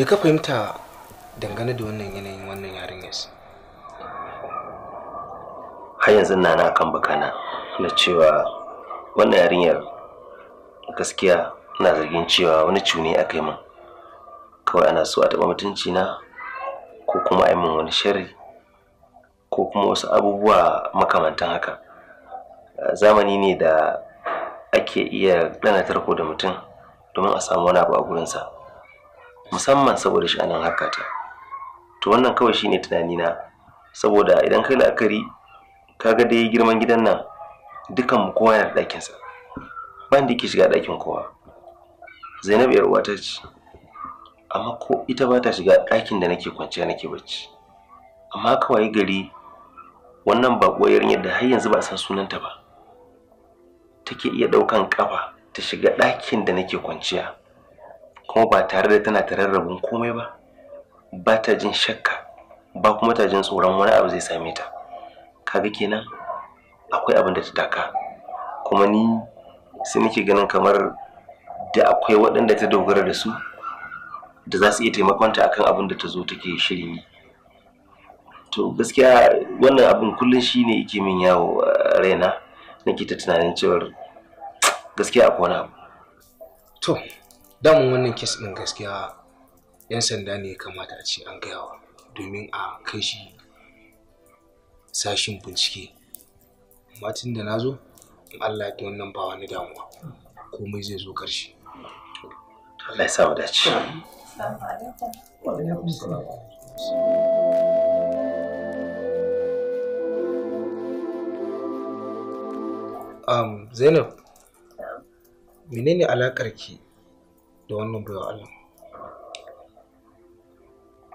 me ka fahimta dangane da wannan yanayin wannan yarinyar har yanzu na na kan baka na na cewa wannan yarinyar gaskiya na zargin cewa wani cune aka yi min kawai ana so a taɓa mutunci na ko kuma a yi min wani sharri ko kuma wasu abubuwa makamantan haka zamani ne da ake iya ɗanatar ko da mutum domin a samu wani abu a gurinsa musamman saboda sha'anin harkata to wannan kawai shine tunani na saboda idan kai la'akari kaga dai girman gidan nan dukan mu kowa yana da ɗakinsa ban da yake shiga ɗakin kowa zainab yar uwata ce amma ko ita ba ta shiga ɗakin da nake kwanciya nake bacci amma kawai gari wannan baƙuwar yin da har yanzu ba san sunanta ba take iya ɗaukan ƙafa ta shiga ɗakin da nake kwanciya kuma ba tare da tana tararrabin komai ba ba ta jin shakka ba kuma ta jin tsoron wani abu zai same ta kaga kenan akwai abin da ta taka kuma ni sai nake ganin kamar da akwai waɗanda ta dogara da su da za su iya taimakonta akan abin da ta zo take shirin yi to gaskiya wannan abin kullum shi ne yake min yawo raina nake ta tunanin cewar gaskiya akwai wani abu to damun wannan kes ɗin gaskiya 'yan sanda ne ya kamata a ce an gayawa domin a kai shi sashin bincike matin da na zo in allah ya wannan ba wani damuwa komai zai zo ƙarshe allah ya sa dace Um, Zainab, menene alaƙarki da wannan bayan Allah?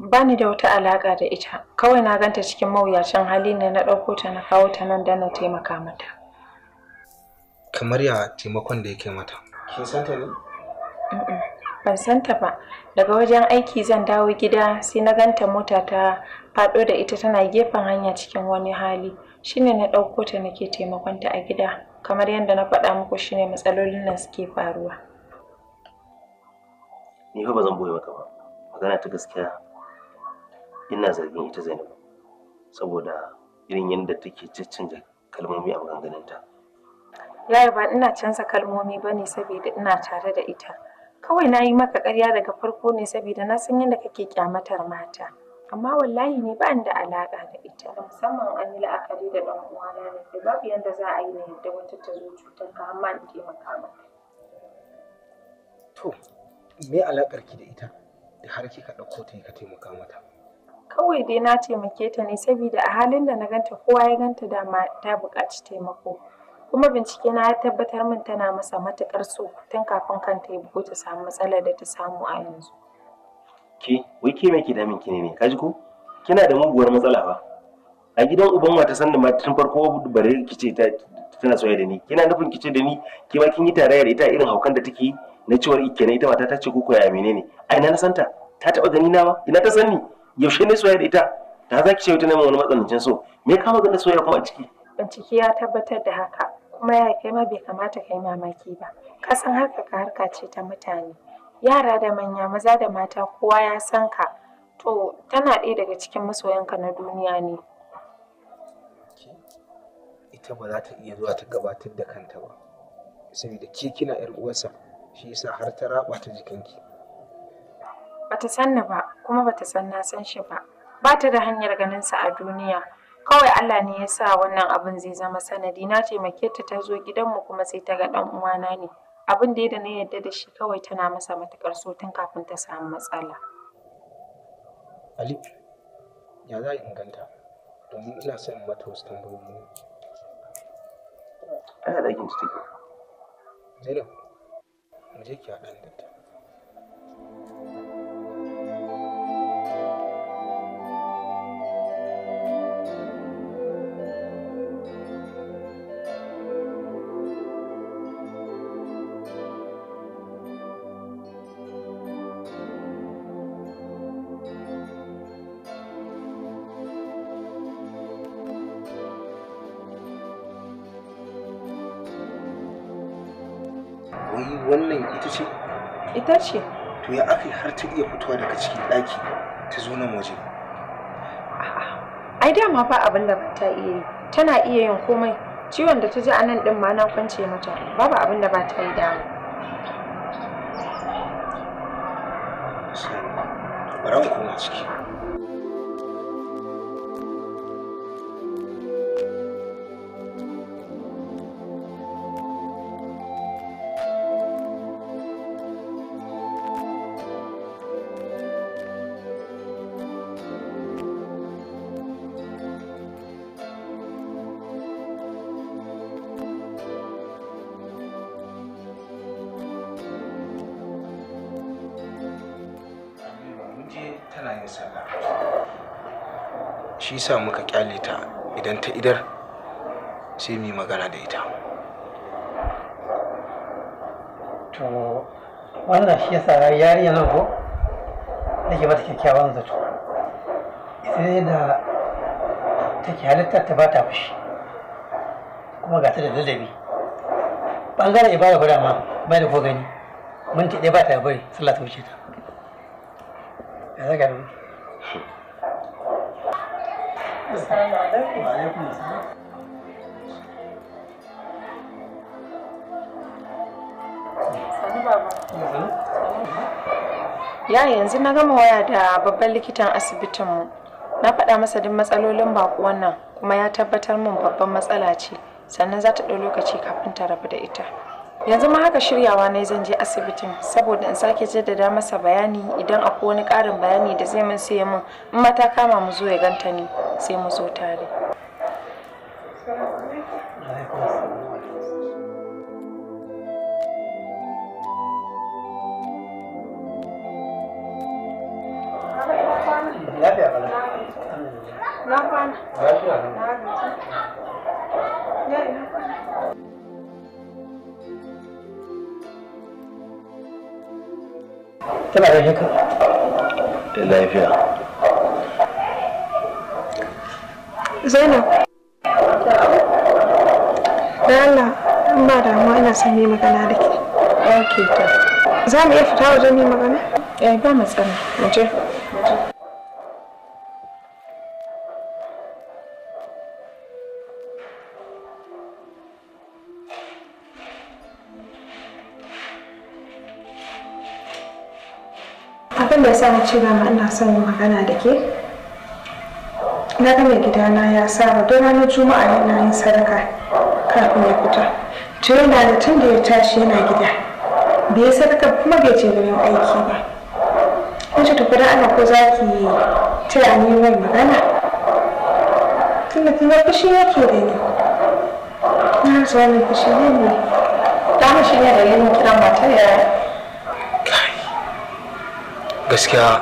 Ba ni da wata alaƙa da ita, kawai na ganta cikin mawuyacin hali ne na ɗauko ta na kawo ta nan da na taimaka mata. Kamar ya taimakon da yake mata? Kin san ta ne? Ban san ta ba. Daga wajen aiki zan dawo gida sai na ganta mota ta faɗo da ita tana gefen hanya cikin wani hali. Shine na ɗauko ta nake taimakon ta a gida. Kamar yadda na faɗa muku shine matsalolin nan suke faruwa. ni fa ba zan boye maka ba magana ta gaskiya ina zargin ita Zainabu saboda irin yadda take caccanja kalmomi a maganganunta yaya ba ina canza kalmomi ba ne saboda ina tare da ita kawai na yi maka ƙarya daga farko ne saboda na san yadda kake kyamatar mata amma wallahi ne ba da alaƙa da ita musamman an yi la'akari da ɗan uwana ne sai babu yadda za a yi na yadda wata ta zo cutar ka amma in taimaka maka to me alakar ki da ita da har kika ɗauko ta ka taimaka mata kawai dai na taimake ta ne saboda a halin da na ganta kowa ya ganta da ta buƙaci taimako kuma bincike na ya tabbatar min tana masa matuƙar so tun kafin kanta ya bugu ta samu matsalar da ta samu a yanzu ke wai ke mai damin ki ne kaji ko kina da muguwar matsala ba a gidan uban wata sanda ma tun farko bare kice ta tana soyayya da ni kina nufin kice da ni ke ma kin yi tarayya da ita irin haukan da take yi na cewar kenan ita mata ta ce ko ya menene ai na san ta ta taba gani na ba ina ta sani yaushe ne soyayya da ita ta za ki ce wata neman wani matsanancin so me ka magana soyayya kuma a ciki bincike ya tabbatar da haka kuma ya kai ma bai kamata kai mamaki ba ka san haka ka harka ce ta mutane yara da manya maza da mata kowa ya san ka to tana ɗaya daga cikin masoyanka na duniya ne ita ba za ta iya zuwa ta gabatar da kanta ba saboda ke kina yar uwarsa shi yasa har ta raba ta jikinki bata ni ba kuma bata san na san shi ba ba ta da hanyar ganin sa a duniya kawai Allah ne ya sa wannan abin zai zama sanadi na taimake ta ta zo gidanmu kuma sai ta ga dan uwana ne abin da ya na yadda da shi kawai tana masa matuƙar so tun kafin ta samu matsala Ali ya za inganta domin ina son in mata wasu tambayoyi Ana da a ciki. Zainab mu je kiwa ɗan dutse ta ce to ya aka har ta iya fitowa daga cikin ɗaki ta zo nan waje ai dama ba abin da ta iya yi tana iya yin komai ciwon da ta ji a nan ɗin ma na kwance mata babu abin da ba ta yi dama bari mu koma ciki shi sa muka kyale ta idan ta idar sai mu yi magana da ita to wannan shi yasa yariya nan ko nake mata kyakkyawan zato sai da take halittar ta ba ta fushi kuma ga ta da ladabi bangaren ibada ko dama bai da ko gani minti ɗaya ba ta bari sallah ta wuce ta ya zaga da Ya yanzu na gama waya da babban likitan asibitinmu. Na faɗa masa duk matsalolin baƙuwan wannan kuma ya tabbatar min babban matsala ce sannan za ta ɗau lokaci kafin ta rabu da ita. yanzu ma haka shiryawa na zan je asibitin saboda in sake jaddada masa bayani idan akwai wani ƙarin bayani da zai min sai min in ma ta kama mu zo ya ganta ni sai mu zo tare Na lafiya. zainab da Allah in ba damuwa ina son yi magana da ke ok to za mu iya fita wajen yi magana eh ba matsala mu je abin da ya sa na ce dama ina son magana da ke na ga mai gidana ya saba don ranar juma'a yana yin sadaka kafin ya fita to yana da tun da ya tashi yana gida bai yi sadaka kuma bai je ganin aiki ba in ci tafi da ana ko za ki taya ni mai magana da kuma fushi yake da ni na rasa wani fushi ne ne ta mu ne da yin kiran matar yi. gaskiya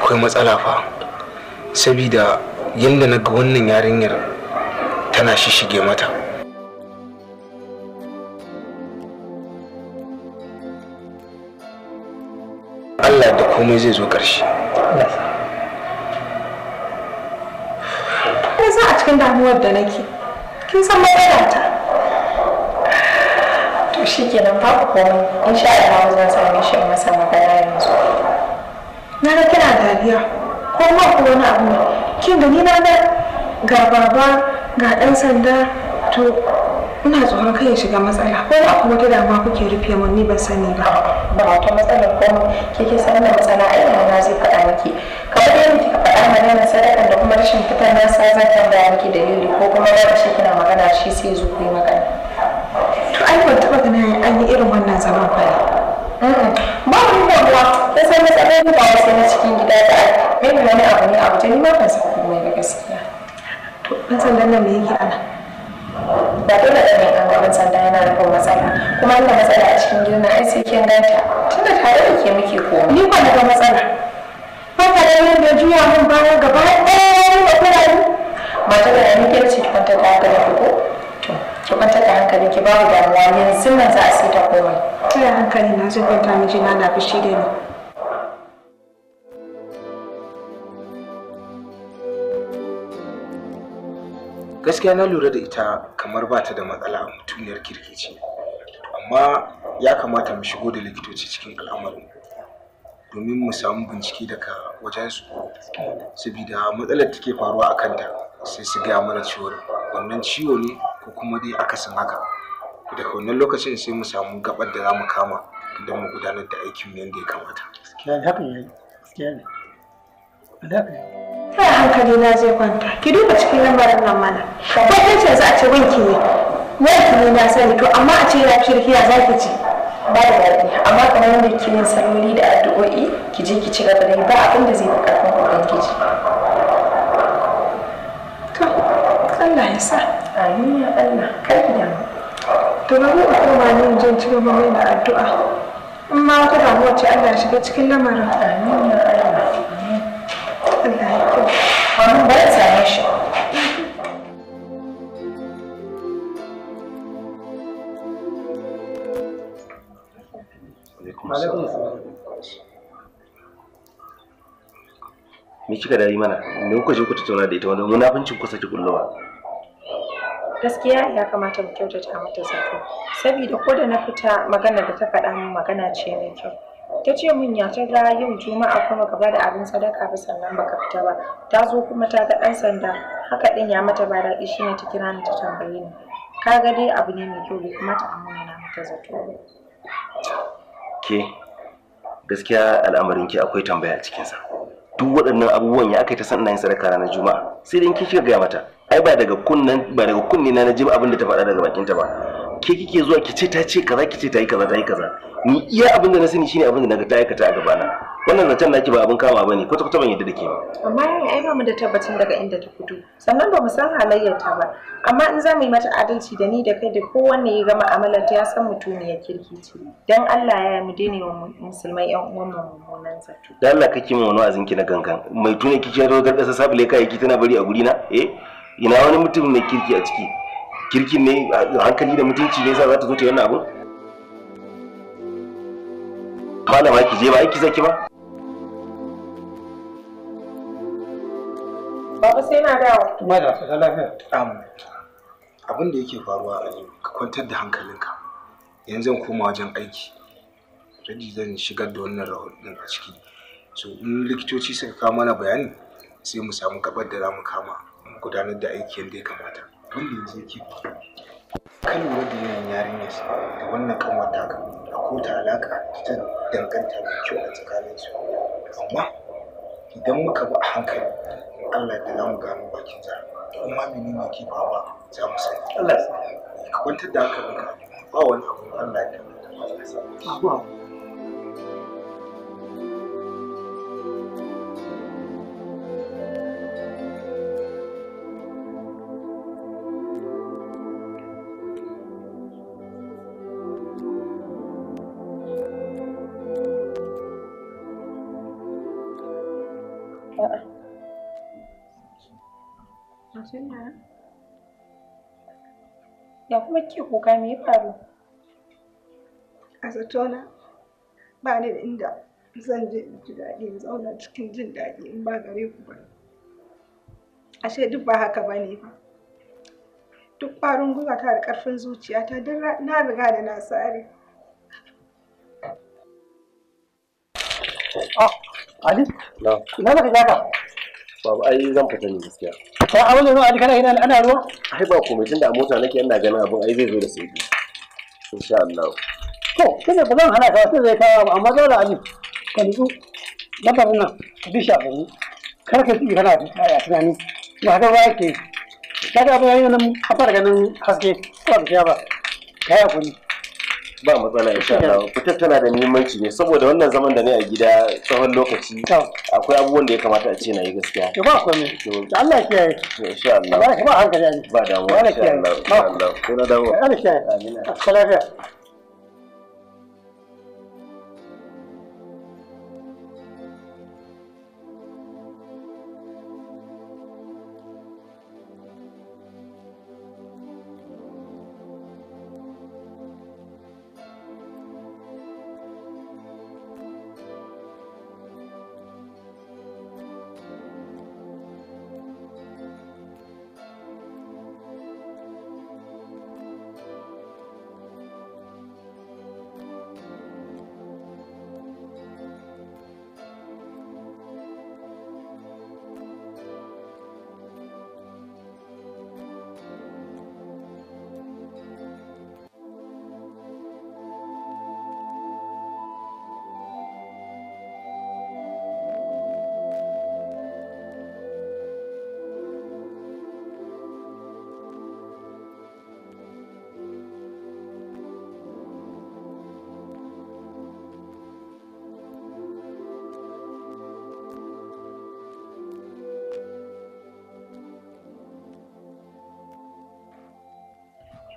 akwai matsala fa sabida yadda na ga wannan yarinyar tana shishige mata Allah da komai zai zo ƙarshe kin san a cikin damuwar da nake kin san matsala ta to nan ba ku komai insha Allah zan same shi masa magana yanzu na ga kina dariya ko ma ku wani abu ne kin gani na na ga baba ga ɗan sanda to ina tsoron kai ya shiga matsala ko ba kuma gida damuwa kuke rufe mun ni ban sani ba ba wata matsalar ko ke ke san da matsala ai na zai faɗa miki kamar yadda kika faɗa mana na sadaka da kuma rashin fitan na sa zan tambaya miki dalili ko kuma ba shi kina magana shi sai zo ku yi magana to ai ban taɓa ganin an yi irin wannan zaman ba ba mun da ruwa sai matsalolin ba a waje ni ba ban san komai ba gaskiya to ɗan san nan me yake ana ba dole da mai an san sanda yana nufin matsala kuma inda matsala a cikin gidan ai sai kin ganta tunda tare da ke muke komai ni ba da matsala ba ka da yin da juya mun baya gaba ɗaya ba kuna ni mata da ni ke ce kwanta ta hankali ko to ki kwanta da hankali ki babu damuwa Sun nan za a sai ta komai ina hankali na zai kwanta miji na na fushi da ni gaskiya na lura da ita kamar ba ta da matsala a mutuniyar kirki ce amma ya kamata mu shigo da likitoci cikin al'amarin domin mu samu bincike daga wajen su. saboda matsalar take faruwa a kanta sai su gaya mana ciwon wannan ciwo ne ko kuma dai akasin haka da wannan lokacin sai mu samu gabar da za mu kama don mu gudanar da aikin yadda ya kamata. Gaskiya ne, gaskiya ne. Kai hankali na zai kwanta. Ki duba cikin lamarin nan mana. Ko kai ce za a ce wanki ne. Wanki ne na sani to amma a ce ya kirki ya zaki ci. Ba da daɗi amma kamar yadda kike yin saloli da addu'o'i ki je ki ci gaba da ba abin da zai fi ƙarfin ubangiji. To Allah ya sa. Amin ya Allah. Kar ki damu. To ba mu ma ne jin ci gaba da addu'a. amma ma da mu ce Allah ya shiga cikin lamarin. Amin ya Allah. Wannan ba ta shi. Me kika da mana? Me kuka je ku tattauna da ita wani munafincin kusa ki kullowa? Gaskiya ya kamata mu kyautata mata zato. Saboda ko da na fita magana da ta faɗa min magana ce mai kyau. ta ce min ya ta ga yin juma'a kuma ka bada abin sadaka ba sannan baka fita ba ta zo kuma ta ga ɗan sanda haka ɗin ya mata ba daɗi shine ta kira ni ta tambaye ni ka ga dai abu ne mai kyau bai kamata a na mata zato ba ke gaskiya al'amarin ki akwai tambaya a cikinsa duk waɗannan abubuwan ya aka ta san ina yin sadaka ranar juma'a sai dai in ki kika gaya mata ai ba daga kunnen ba daga kunne na ji abin da ta faɗa daga bakinta ba ke kike zuwa ki ce ta ce kaza ki ce ta yi kaza ta yi kaza ni iya abin da na sani shine abin da naga ta aikata a gabana wannan zancen naki ba abin kama bane kwata kwata ban yadda da ke ba amma yayi ai ba mu da tabbacin daga inda ta fito sannan ba mu san halayyar ta ba amma in za mu yi mata adalci da ni da kai da kowanne ya gama amalar ta ya san ya kirki ce dan Allah ya mu daina wa musulmai yan uwan mu mummunan zato dan Allah kake mu wani azinki na gangan mai tune kike rogar kasa sabule kai tana bari a guri na eh ina wani mutum mai kirki a ciki kirkin ne hankali da mutunci ne za ta zo ta yi wannan abin malama ki je ba aiki zaki ba Baba sai na dawo. Kuma da ta lafiya. Abin da yake faruwa a yau, ka kwantar da hankalinka. Yanzu zan koma wajen aiki. Raji zan shigar da wannan rahoton a ciki. So in likitoci suka kawo mana bayani sai mu samu gabar da za mu kama gudanar da aiki yadda ya kamata. wanda yanzu yake kan lura da yawan yarinyar da wannan kanwar ta akwai ta alaƙa, ta danganta da kyau a tsakanin su amma idan muka bi a hankali Allah da zamu gano bakin ma kuma menene ke ba za mu sani Allah ka kwantar da hankalinka ba wani abu Allah ya ba na kuma ke kuka me ya faru a zatona ba ni da inda zan je in ji daɗi in zauna cikin jin daɗi in ba gare ku ba ashe duk ba haka ba ne ba duk ƙwarin gwiwa ta da ƙarfin zuciyata don na riga da na sare ah, Ali, Na ina riga ka? Babu ai zan fita ne gaskiya. ta abin da zuwa kana ina ana ruwa ai ba komai tunda a mota nake ina ganin abin ai zai zo da sauki insha Allah to kace ba zan hana ka sai zai kawo ba amma dole ali ka nutsu dabar nan bi shafin kar ka tsira kana tsaya tunani ba haka ba ka kaga ba yana nan a farga nan haske ba ba ka ya kuni ba matsala insha Allah fitar tana da muhimmanci ne saboda wannan zaman da ne a gida tsawon lokaci akwai abubuwan da ya kamata a ce na yi gaskiya to ba komai to Allah ya kiyaye insha Allah ba hankali ba damuwa insha Allah ba damuwa Allah ya kiyaye amin ka lafiya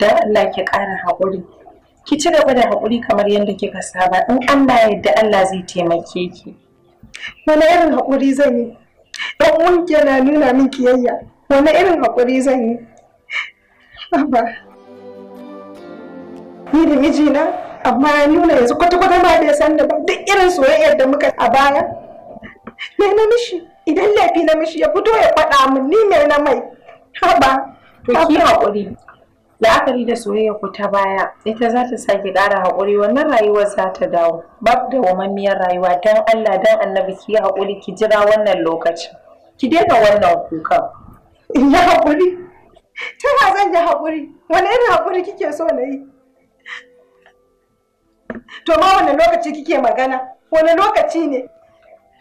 dan Allah ki ƙara haƙuri ki ci gaba da haƙuri kamar yadda kika saba in Allah yadda Allah zai taimake ki wani irin haƙuri zan yi Ɗan uwanki yana nuna min kiyayya wani irin haƙuri zan yi Baba, ni da mijina amma ya nuna yanzu kwata-kwata ma bai san da ba duk irin soyayyar da muka a baya. Me na mishi idan laifi na mishi ya fito ya faɗa min ni me na mai. Haba. To ki haƙuri. la'akari da soyayya ku ta baya ita za ta sake ƙara haƙuri wannan rayuwar za ta dawo Babu da wamammiyar rayuwa don Allah don annabi ki yi haƙuri ki jira wannan lokacin ki daina wannan kukan in yi haƙuri ta zan yi haƙuri wani irin haƙuri kike so na yi to ma wani lokaci kike magana wani lokaci ne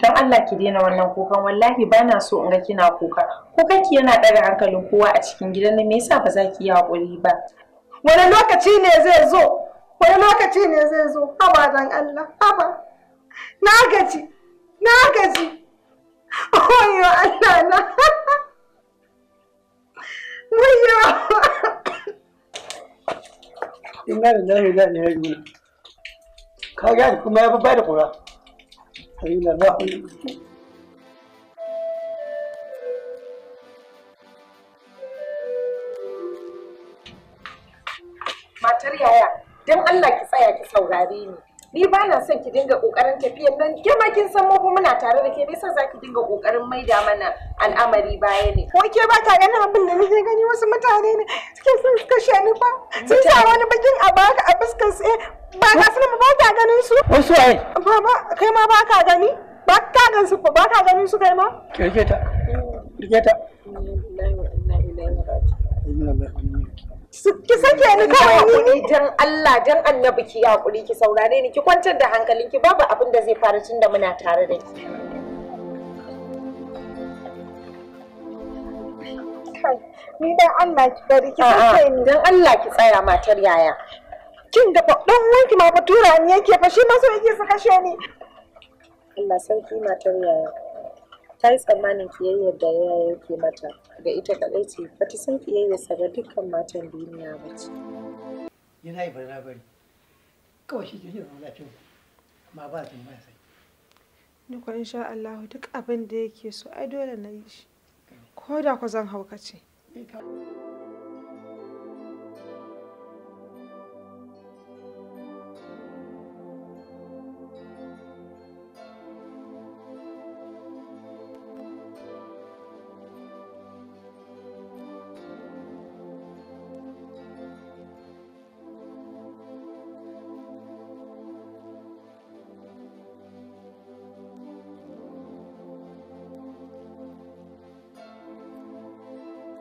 dan Allah ki daina wannan kukan wallahi ba na so in ga kina kuka kukanki yana ɗaga hankalin kowa a cikin gidan nan me yasa ba za ki yi haƙuri ba wani lokaci ne zai zo wani lokaci ne zai zo haba dan Allah haba na gaji na gaji oyo Allah na muyo da na yi inna ilaihi raji'un kaga kuma ya fi ba da kura Matar yaya, don Allah ki tsaya ki saurare ni. Ni ba na son ki dinga kokarin tafiyan nan, ke ma kin san mu muna tare da ke me yasa zaki dinga kokarin maida mana al'amari baya ne. Ko ke ba ta ganin abin da nake gani wasu mutane ne suke son su kashe ni fa. Sun sa wani bakin abaka a fuskar su eh, ba ga su ba ka ganin su wasu ai baba kai ma ba ka gani ba ka gan su ba ka ganin su kai ma ke ta ta ki sake ni kawai ni dan Allah dan annabi ki hakuri ki saurare ni ki kwantar da hankalinki babu abin da zai faru tunda muna tare da ki ni dan Allah ki bari ki sake ni dan Allah ki tsaya matar yaya kin ga dan wanki ma fa tura ni yake fa shi ma so yake su kashe ni Allah sarki matar yaya ta yi tsammanin kiyayyar da yaya yake mata ga ita kadai ce ba ta san kiyayyar sa ga dukkan matan duniya ba ce ni na yi bari kawai shi ke yin lafiya amma ba zan mai sai ni ko insha Allah duk abin da yake so ai dole na yi shi ko da ko zan ce Thank you.